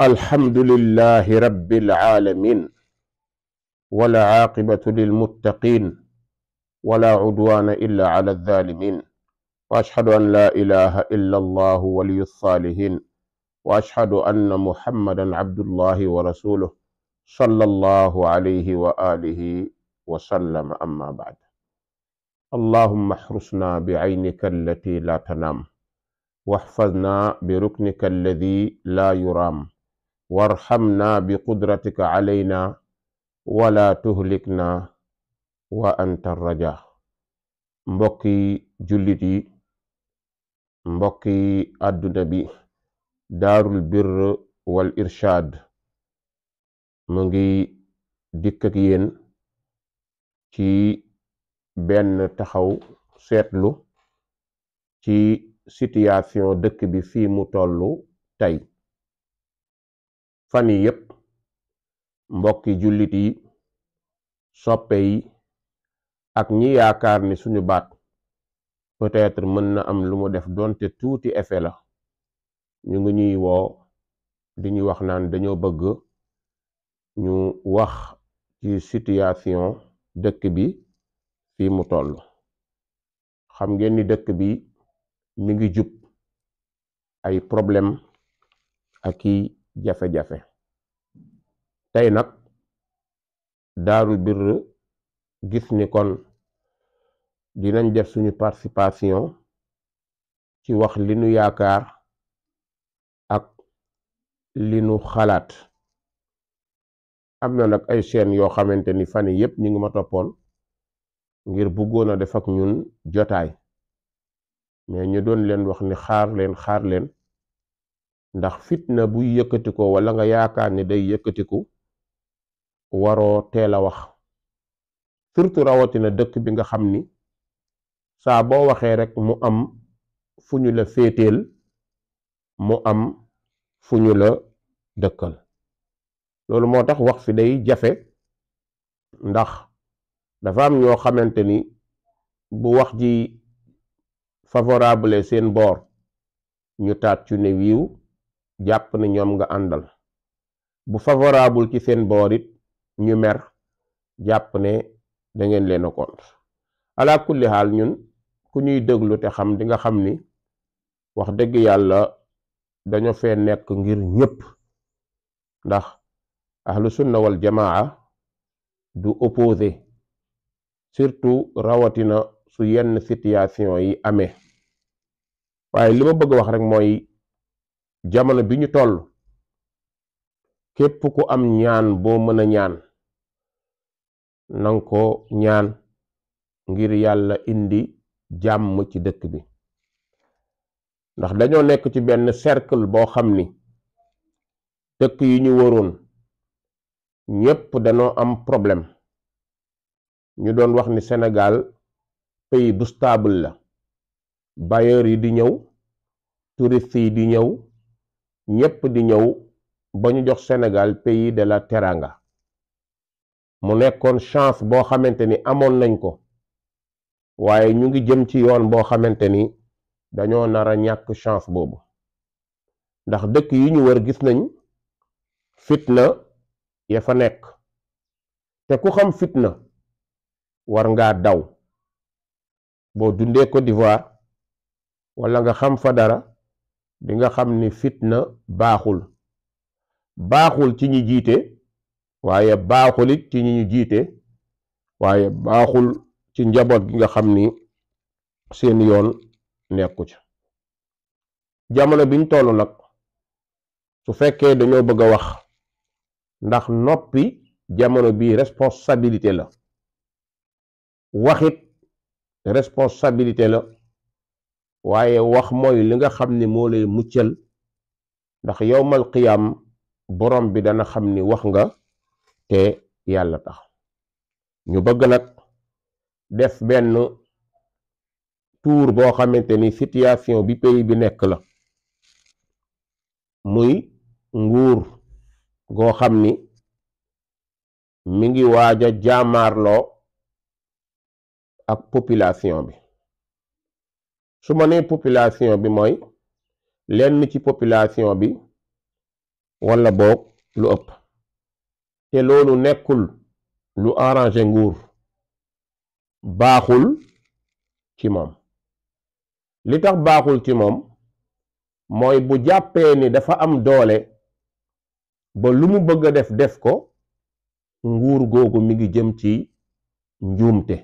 الحمد لله رب العالمين ولا عاقبة للمتقين ولا عدوان إلا على الظالمين وأشهد أن لا إله إلا الله ولي الصالحين وأشهد أن محمدا عبد الله ورسوله صلى الله عليه وآله وسلم أما بعد اللهم احرسنا بعينك التي لا تنام واحفظنا بركنك الذي لا يرام warhamna bi qudratika alayna wala tuhlikna wa anta raja mbokki jullit yi mbokki adduna bi daarul birr wal irshaad mu ngi dikk ak yéen ci benn taxaw seetlu ci situation dëkk bi fii mu tollu tey fan yep yépp mbokki jullit yi soppe yi ak ñi yaakaar ni suñu baat peut-être mën na am lu mu def donte tuuti effet la ñu ngi ñuy woo di ñu wax naan dañoo bëgg ñu wax ci situation dëkk bi fii mu toll xam ngeen ni dëkk bi mi ngi jub ay problème ak i jafe-jafe tey nag daaru birr gis ni kon dinañ def suñu participation ci wax li nu yaakaar ak li nu xalaat am na nag ay chaîne yoo xamante ni fan yii yëpp ñu ngi ma toppoon ngir bëggoon a def ak ñun jotaay mais ñu doon leen wax ni xaar leen xaar leen ndax fitna buy yëkkati ko wala nga yaakaar ni day yëkkatiku waroo teel a wax surtout rawatina dëkk bi nga xam ni saa boo waxee rek mu am fu ñu la féeteel mu am fu ñu la dëkkal loolu moo tax wax fi day jafe ndax dafa am ñoo xamante ni bu wax ji favorable seen boor ñu taat ci ne wiiw jàpp ne ñoom nga àndal bu favorable ci seen boor it ñu mer jàpp ne da ngeen leen a contre ala xaal ñun ku ñuy déglu te xam di nga xam ni wax dëgg yàlla dañoo fee nekk ngir ñëpp ndax ahlu sunna wal jamaa du opposé surtout rawatina su yenn situation yi amee waaye li ma bëgg wax rek mooy jamono bi ñu toll képp ku am ñaan boo mën a ñaan nanga ñaan ngir yàlla indi jàmm ci dëkk bi ndax dañoo nekk ci benn cercle boo xam ni dëkk yi ñu waroon ñépp dañoo am problème ñu doon wax ni Sénégal pays bu stable la bailleurs yi di ñëw touristes yi di ñëw ñépp di ñëw ba ñu jox Sénégal pays de la teranga mu nekkoon chance boo xamante ni amoon nañ ko waaye ñu ngi jëm ci yoon boo xamante ni dañoo nar a ñàkk chance boobu ndax dëkk yi ñu wër gis nañ fitna ya fa nekk te ku xam fitna war ngaa daw boo dundee Côte d'Ivoire wala nga xam fa dara di nga xam ni fitna baaxul baaxul ci ñi jiite waaye baaxul it ci ñi ñu jiite waaye baaxul ci njaboot gi nga xam ni seen yoon nekku ca jamono biñ toll nag su fekkee dañoo bëgg a wax ndax noppi jamono bi responsabilité la waxit responsabilité la waaye wax mooy li nga xam ni moo lay muccal ndax yowmal qiyaam borom bi dana xam ni wax nga te yàlla tax ñu bëgg nag def benn tuur boo xamante ni situation bi pays bi nekk la muy nguur goo xam ni mu ngi waaj a jaamaarloo ak population bi su ma nee population bi mooy lenn ci population bi wala boog lu ëpp te loolu nekkul lu arrangé nguur baaxul ci moom li tax baaxul ci moom mooy bu jàppee ni dafa am doole ba lu mu bëgg a def def ko nguur googu mi ngi jëm ci njuumte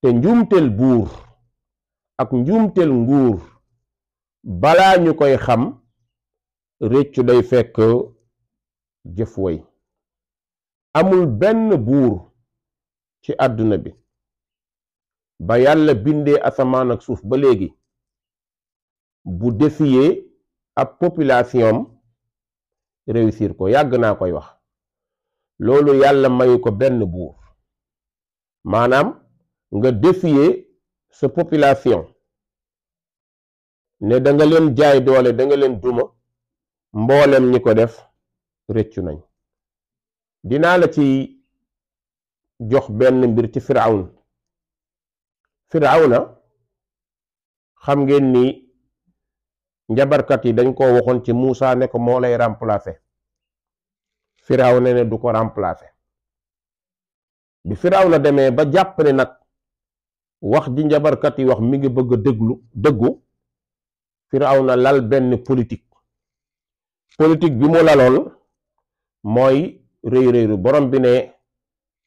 te njuumteel buur ak njuumteel nguur balaa ñu koy xam réccu day fekk jëf way amul benn buur ci àdduna bi ba yàlla bindee asamaan ak suuf ba léegi bu defiyee ab population am réussir ko yàgg naa koy wax loolu yàlla mayu ko benn buur maanaam nga défier sa population ne da leen jaay doole danga leen duma mboolem ñi ko def rëccu nañ dinaa la ci jox benn mbir ci firawn firawna xam ngeen ni njabarkat yi dañ ko waxoon ci Muusa ne ko moo lay remplacer firawna ne du ko remplacer bi firawna demee ba jàpp ne nag wax ji njabarkat yi wax mi ngi bëgg a déglu dëggu firawna lal benn politique politique bi mu laloon mooy réy réylu borom bi ne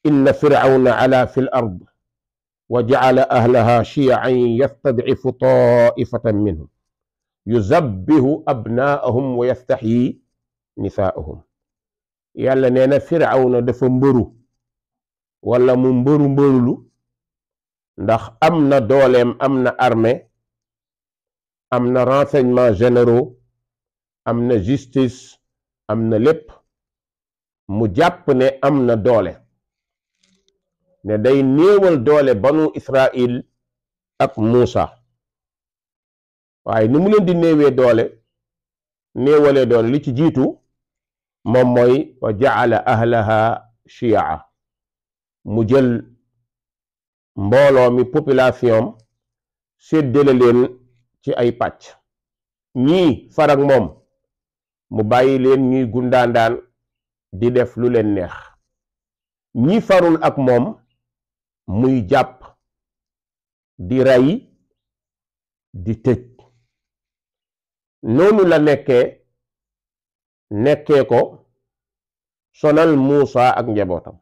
inna firawna ala fi l ard wa jacala ahlaha shiyan yastadcifu taifatan minhum yuzabbihu abnaahum wa yastaxyi nisaahum yàlla nee na firawna dafa wala mu mbëru mbërulu ndax am na dooleem am na armée am na renseignements généraux am na justice am na lépp mu jàpp ne am na doole ne day néewal doole banu Israil ak Muusa waaye ni mu leen di néewee doole néewalee doole li ci jiitu moom mooy wa jaala ahlaha chia mu jël mbooloo mi population séddale leen ci ay pàcc ñii farak moom mu bàyyi leen ñuy gundaandaan di def lu leen neex ñi farul ak moom muy jàpp di rey di tëj noonu la nekkee nekkee ko sonal Muusa ak njabootam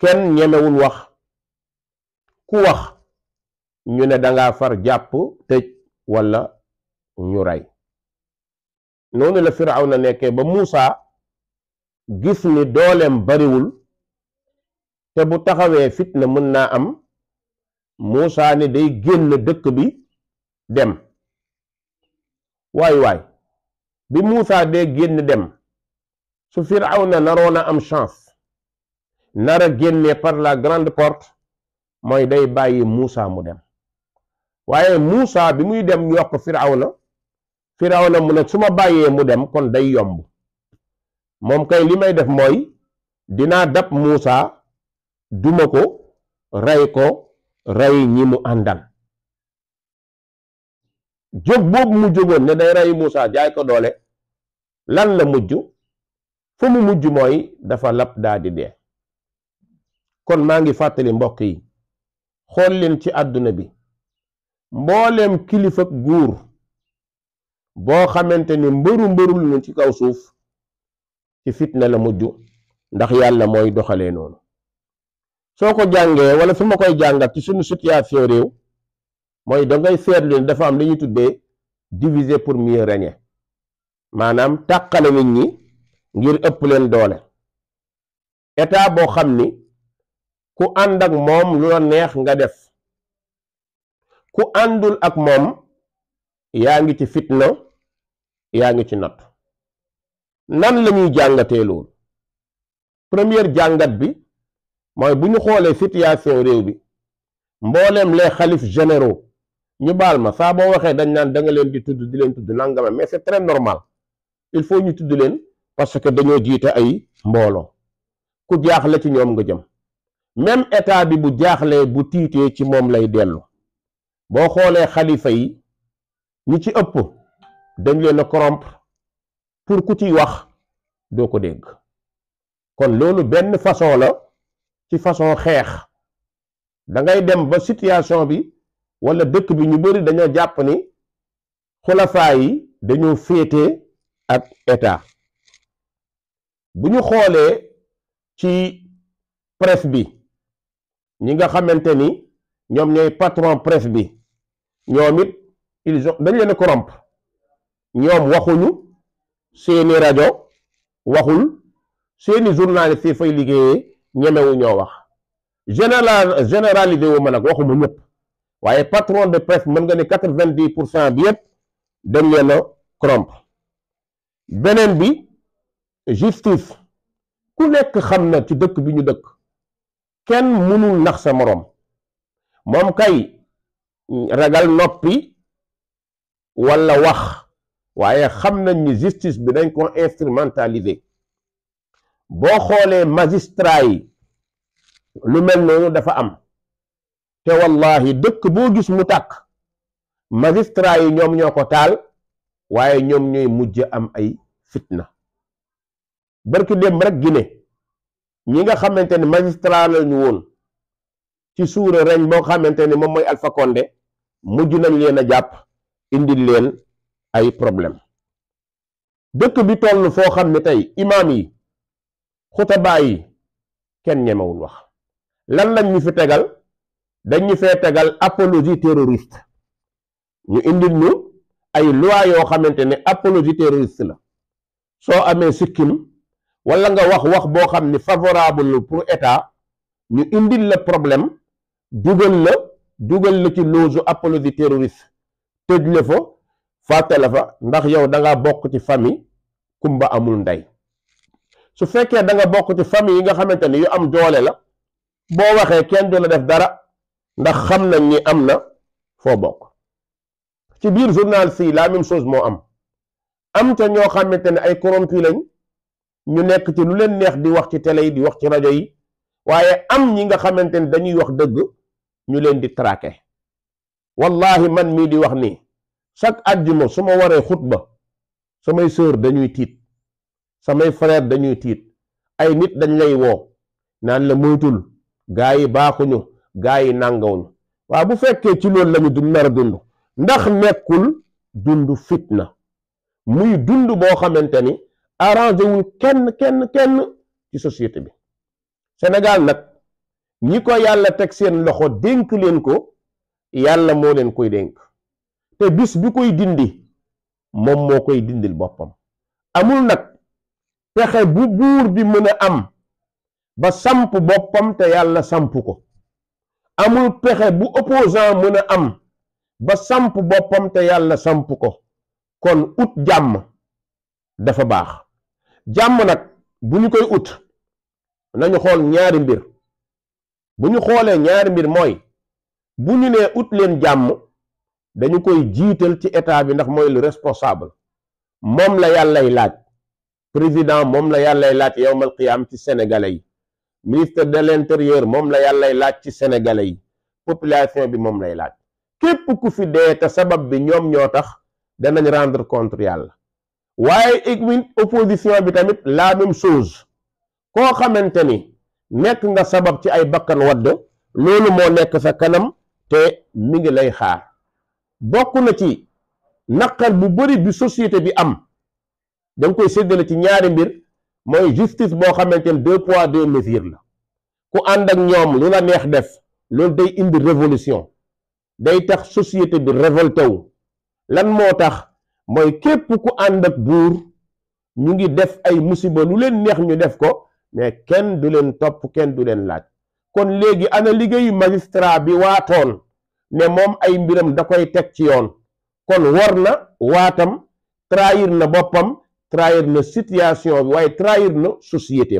kenn ñemewul wax ku wax ñu ne danga far jàpp tëj walla ñu rey noonu la firawna nekkee ba Muusa gis ni dooleem bariwul te bu taxawee fitna mën naa am Muusa ni day génn dëkk bi dem waay waay bi Muusa dee génn dem su firawna naroon a am chance nar a génnee par la grande porte mooy day bàyyi Muusa mu dem waaye Muusa bi muy dem ñu wax ko firawna firawna mu ne suma bàyyee mu dem kon day yomb moom kay li may def mooy dinaa dab muusa duma ko rey ko rey ñi mu àndal jóg boobu mu jógoon ne day rey muusa jaay ko doole lan la mujj fu mu mujj mooy dafa lab daa di dee kon maa ngi fàttali mbokk yi xool leen ci àdduna bi mboolem kilifak guur boo xamante ni mbëru mbërul na ci kaw suuf ci fitna la mujj ndax yàlla mooy doxalee noonu soo ko jàngee wala fi ma koy jàngat ci sunu situation réew mooy da ngay seetlu ne dafa am li ñu tuddee diviser pour mieux régner maanaam tàqale nit ñi ngir ëpp leen doole état boo xam ni ku ànd ak moom lu la neex nga def ku àndul ak moom yaa ngi ci fitna yaa ngi ci natt nan la ñuy jàngatee loolu première jàngat bi mooy bu ñu xoolee situation réew bi mbooleem les xalif généraux ñu baal ma saa boo waxee dañ naan da nga leen di tudd di leen tudd nangama mais c'est très normal il faut ñu tudd leen parce que dañoo jiite ay mbooloo ku jaaxle ci ñoom nga jëm même état bi bu jaaxle bu tiitee ci moom lay dellu boo xoolee xalifa yi ñi ci ëpp dañ leen a corrompre pour ku ciy wax doo ko dégg kon loolu benn façon la ci façon xeex da ngay dem ba situation bi wala dëkk bi ñu bari dañoo jàpp ni xulafaa yi dañoo féete ak état bu ñu xoolee ci presse bi ñi nga xamante ni ñoom ñooy patron presse bi ñoom it ils dañ leen a corrompre ñoom waxuñu seeni rajo waxul seeni journaliste yi fay liggéeyee ñemewu ñoo wax général généralisé wu ma nag waxuma ñëpp waaye patron de presse mën nga ne quatre-vingt-dix pour cent bi yëpp dañ leen a corrompre beneen bi justice ku nekk xam na ci dëkk bi ñu dëkk kenn mënul nax sa moroom moom kay ragal noppi walla wax waaye xam nañ ni justice bi dañ ko instrumentaliser boo xoolee magistrat yi lu mel noonu dafa am te wallahi dëkk boo gis mu tàkk magistrat yi ñoom ñoo ko taal waaye ñoom ñuy mujj am ay fitna barki dem rek gine ñi nga xamante ne magistrat lañu woon ci suure reñ boo xamante ne moom mooy Alpha Condé mujj nañ leen a jàpp indi leen ay problème dëkk bi toll foo xam ne tey imaam yi xutaba yi kenn ñemewul wax lan lañ ñu fi tegal dañ ñu fee tegal apologie terroriste ñu indi ñu ay loi yoo xamante ni apologie terroriste la soo amee sikkim wala nga wax wax boo xam ni favorable pour état ñu indil la problème dugal la dugal la ci loosu apologie terroriste tëj la fa fàtte fa ndax yow danga bokk ci famille kumba amul ndey su fekkee da nga bokk ci famille yi nga xamante ni yu am doole la boo waxee kenn du la def dara ndax xam nañ ni am na foo bokk ci biir journal si la même chose moo am am ca ñoo xamante ne ay corrompu lañ ñu nekk ci lu leen neex di wax ci télé yi di wax ci rajo yi waaye am ñi nga xamante ne dañuy wax dëgg ñu leen di traqué wallahi man mii di wax nii chaque àjjuma su ma waree xutba samay sœur dañuy tiit samay frère dañuy tiit ay nit dañ lay woo naan la moytul gaa yi baaxuñu gaa yi nàngawuñu waa bu fekkee ci loolu lañu du nar dund ndax nekkul dund fitna muy dund boo xamante ni arrangé wul kenn kenn kenn ci société bi Sénégal nag ñi ko yàlla teg seen loxo dénk leen ko yàlla moo leen koy dénk te bis bi koy dindi moom moo koy dindil boppam amul nag pexe bu buur bi mën a am ba samp boppam te yàlla samp ko amul pexe bu opposant mën a am ba samp boppam te yàlla samp ko kon ut jàmm dafa baax jàmm nag bu ñu koy ut nañu xool ñaari mbir bu ñu xoolee ñaari mbir mooy bu ñu nee ut leen jàmm dañu koy jiital ci état bi ndax mooy lu responsable moom la yàllay laaj président moom la yàllay laaj yowmal qiyaam ci sénégalais yi ministre de l'intérieur moom la yàllay laaj ci sénégalais yi population bi moom lay laaj képp ku fi dee te sabab bi ñoom ñoo tax danañ rendre compte yàlla waaye imin opposition bi tamit la même chose koo xamante ni nekk nga sabab ci ay bakkan wadd loolu moo nekk sa kanam te mi ngi lay xaar bokk na ci naqar bu bëri bi société bi am danga koy séddale ci ñaari mbir mooy justice boo xamante ne deux poids deux mesures la ku ànd ak ñoom lu la neex def loolu day indi révolution day tax société bi révolté wu lan moo tax mooy képp ku ànd ak buur ñu ngi def ay musiba lu leen neex ñu def ko mais kenn du leen topp kenn du leen laaj kon léegi ana liggéeyu magistrat bi waatoon ne moom ay mbiram da koy teg ci yoon kon war na waatam trair na boppam trahir na situation waaye trahir na société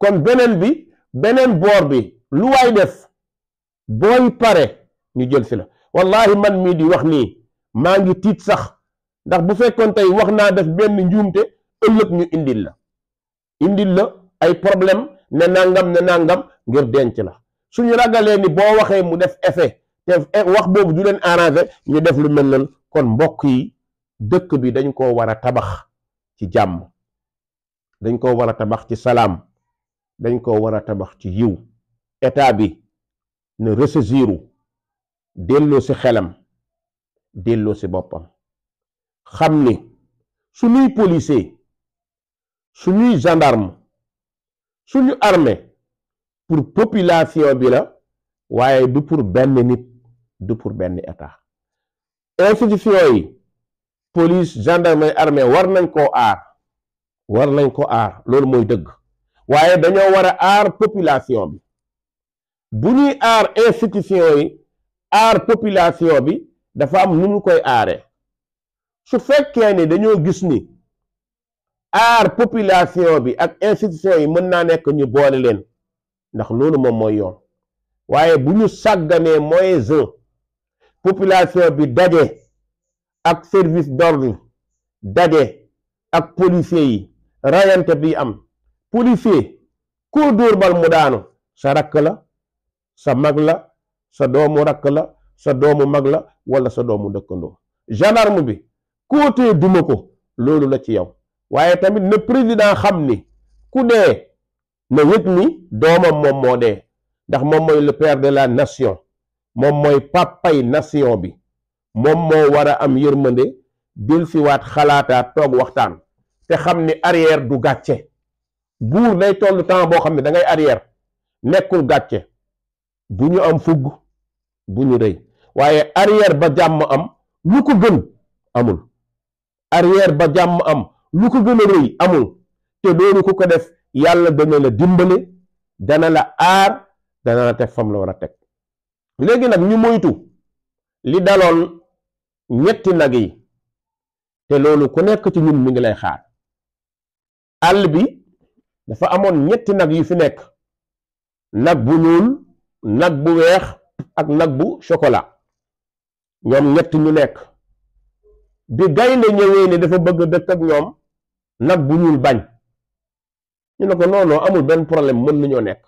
kon beneen bi beneen boor bi lu waay def booy pare ñu jël si la wallahi man mii di wax nii maa ngi tiit sax ndax bu fekkoon tey wax naa def benn njuumte ëllëg ñu indil la indil la ay problème ne nangam ne nangam ngir denc la suñu ragalee ni boo waxee mu def effet e, wax boobu du leen arrangé ñu def lu mel noonu kon mbokk yi dëkk bi dañ koo war a tabax ci jàmm dañ ko war a tabax ci salaam dañ koo war a tabax ci yiw état bi ne ressaisiru delloo si xelam delloo si boppam xam ni su suñuy policier suñuy gendarme ñu armée pour population bi la waaye du pour benn nit du pour benn état institution yi police gendarmerie armée war nañ koo aar war nañ ko aar loolu mooy dëgg waaye dañoo war a aar population bi bu ñuy aar institution yi aar population bi dafa am nu ñu koy aaree su fekkee ni dañoo gis ni aar population bi ak institution yi mën naa nekk ñu boole leen ndax loolu moom mooy yoon waaye bu ñu sàgganee moyens population bi daje ak service d'ordre daje ak policier yi rayante bi am policier ku dóor bal mu daanu sa rakk la sa mag la sa doomu rakk la sa doomu mag la wala sa doomu dëkkandoo gendarme bi koo tee duma ko loolu la ci yow waaye tamit ne président xam ni ku dee na yëg ni doomam moom moo dee ndax moom mooy le père de la nation moom mooy pàppay nation bi moom moo war a am yërmande dil siwaat xalaataat toog waxtaan te xam ni arrière du gàcce buur day toll temps boo xam ne dangay ngay arrière nekkul gàcce bu ñu am fugg bu ñu rëy waaye arrière ba jàmm am lu ko gën amul arrière ba jàmm am lu ko gën a rëy amul te loolu ko ko def yàlla dana la dimbale dana la aar dana la teg fam la war a teg léegi nag ñu moytu li daloon ñetti nag yi te loolu ku nekk ci ñun mi ngi lay xaar àll bi dafa amoon ñetti nag yu fi nekk nag bu ñuul nag bu weex ak nag bu chocolat ñoom ñett ñu nekk bi gaynde ñëwee ne dafa bëgg dëkk ak ñoom nag bu ñuul bañ ñu ne ko non non amul benn problème mën nañoo nekk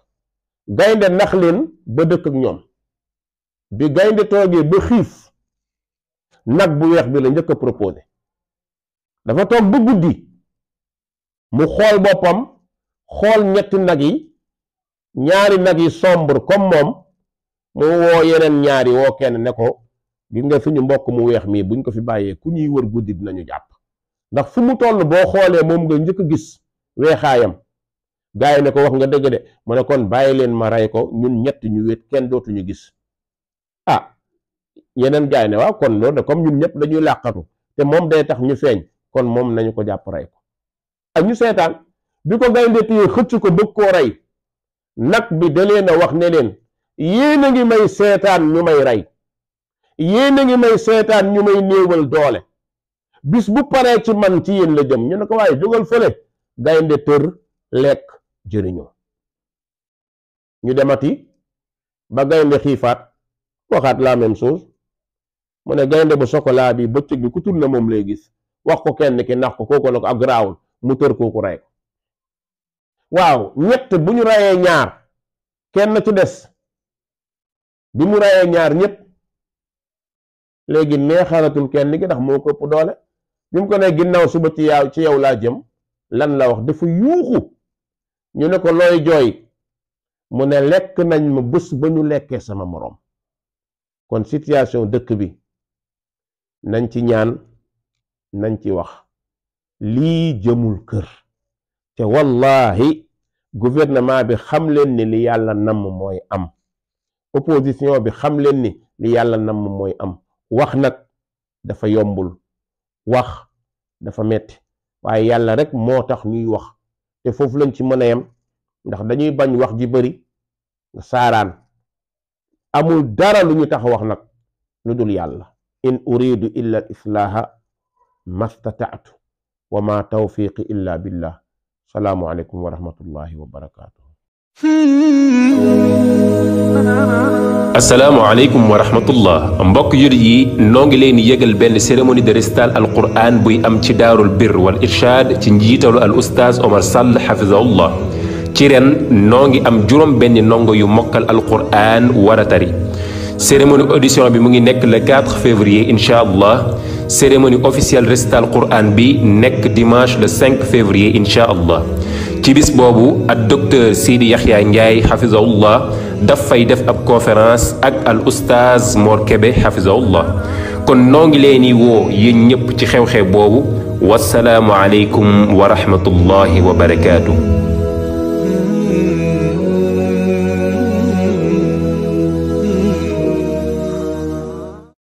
gaynde nax leen ba dëkk ak ñoom bi gaynde toogee ba xiif nag bu weex bi la njëkk a proposé dafa toog ba guddi mu xool boppam xool ñetti nag yi ñaari nag yi sombre comme moom mu woo yeneen ñaari woo kenn ne ko gis nga suñu mbokk mu weex mii buñ ko fi bàyyee ku ñuy wër guddi dinañu jàpp ndax fu mu toll boo xoolee moom nga njëkk gis weexaayam gaa yi ne ko wax nga dëgg de mu ne kon bàyyi leen ma rey ko ñun ñett ñu wéet kenn dootuñu gis ah yeneen gaa yi ne waaw kon loolu de comme ñun ñëpp dañuy làqatu te moom day tax ñu feeñ kon moom nañu ko jàpp rey ko ak ñu seetaan bi ko gaynde téye xëcc ko bëgg koo rey nag bi da leen a wax ne leen yéen a ngi may seetaan ñu may rey yéen a ngi may seetaan ñu may néewal doole bis bu paree ci man ci yéen la jëm ñu ne ko waaye jógal fële gaynde tër lekk jëriñoo ñu demati ba gaynde xiifaat waxaat la même chose mu ne gaynde bu sokolaa bi bëccëg bi ku tur moom lay gis wax ko kenn ki nax ko kooku na ko ak garaawul mu tër kooku rey ko waaw ñett bu ñu reyee ñaar kenn ci des bi mu reyee ñaar ñëpp léegi neexalatul kenn gi ndax moo ko ëpp doole bi mu ko ne ginnaaw suba ci yaw ci yow laa jëm lan la wax dafa yuuxu ñu ne ko looy jooy mu ne lekk nañ ma bés ba ñu lekkee sama moroom kon situation dëkk bi nañ ci ñaan nañ ci wax lii jëmul kër te wallaahi gouvernement bi xam leen ni li yàlla namm mooy am opposition bi xam leen ni li yàlla namm mooy am wax nag dafa yombul wax dafa metti waaye yàlla rek moo tax ñuy wax te foofu lañ ci mën a yem ndax dañuy bañ wax ji bëri saaraan amul dara lu ñu tax wax nag lu dul yàlla in uridu illa al islaaha mastata'tu wa ma tawfiqi illa billah salaamu aleykum wa rahmatullahi wa barakaatuh asalaamaaleykum wa rahmatullah mbokk jullit yi noo ngi leen di yëgal benn cérémonie de récital al quran buy am ci daarul bir wal irshad ci njiitalu al oustaz Omar Sall xafizahullah ci ren noo ngi am juróom benn ndongo yu mokkal al quran war a tari cérémonie audition bi mu ngi nekk le 4 février incha allah cérémonie officielle récital quran bi nekk dimanche le 5 février incha allah ci bis boobu ak docteur Sidi Yaxya Ndiaye xafizahullah daf fay def ab conférence ak al oustaz Mor Kébé hafizahullah kon noo ngi leen di woo yéen ñëpp ci xew-xew boobu wasalaamu aleykum wa rahmatullahi wa barakaatu.